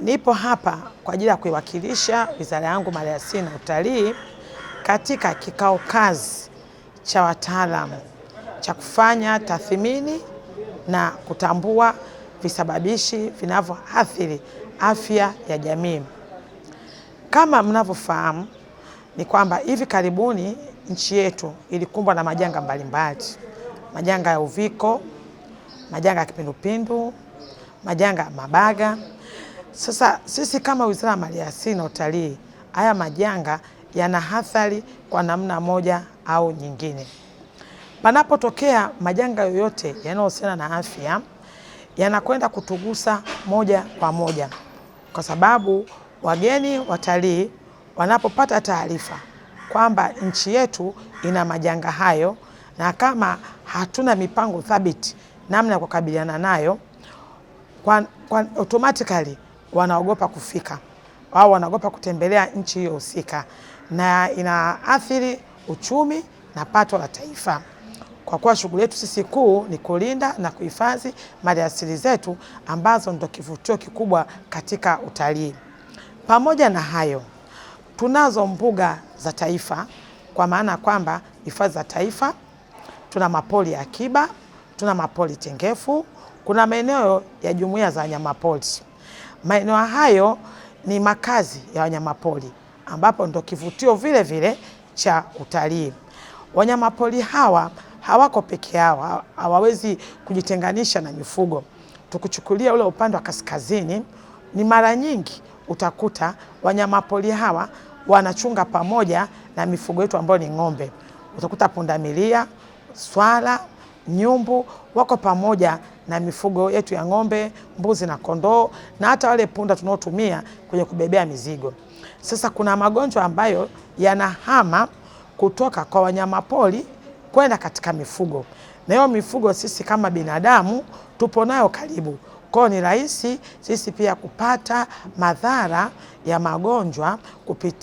Nipo hapa kwa ajili ya kuiwakilisha wizara yangu Maliasili na Utalii katika kikao kazi cha wataalamu cha kufanya tathmini na kutambua visababishi vinavyoathiri afya ya jamii. Kama mnavyofahamu ni kwamba hivi karibuni nchi yetu ilikumbwa na majanga mbalimbali, majanga ya uviko, majanga ya kipindupindu, majanga ya mabaga sasa sisi kama Wizara ya Maliasili na Utalii, haya majanga yana athari kwa namna moja au nyingine. Panapotokea majanga yoyote yanayohusiana na afya, yanakwenda kutugusa moja kwa moja, kwa sababu wageni watalii wanapopata taarifa kwamba nchi yetu ina majanga hayo, na kama hatuna mipango thabiti namna ya kukabiliana nayo kwa, kwa automatically wanaogopa kufika au wanaogopa kutembelea nchi hiyo husika, na inaathiri uchumi na pato la taifa. Kwa kuwa shughuli yetu sisi kuu ni kulinda na kuhifadhi maliasili zetu ambazo ndo kivutio kikubwa katika utalii. Pamoja na hayo, tunazo mbuga za taifa, kwa maana kwamba hifadhi za taifa, tuna mapori ya akiba, tuna mapori tengefu, kuna maeneo ya jumuiya za wanyamapori. Maeneo hayo ni makazi ya wanyamapori ambapo ndo kivutio vile vile cha utalii. Wanyamapori hawa hawako peke yao, hawawezi kujitenganisha na mifugo. tukuchukulia ule upande wa kaskazini, ni mara nyingi utakuta wanyamapori hawa wanachunga pamoja na mifugo yetu ambayo ni ng'ombe. Utakuta pundamilia, swala, nyumbu wako pamoja na mifugo yetu ya ng'ombe, mbuzi na kondoo na hata wale punda tunaotumia kwenye kubebea mizigo. Sasa kuna magonjwa ambayo yanahama kutoka kwa wanyamapori kwenda katika mifugo, na hiyo mifugo sisi kama binadamu tupo nayo karibu kwao ni rahisi sisi pia kupata madhara ya magonjwa kupitia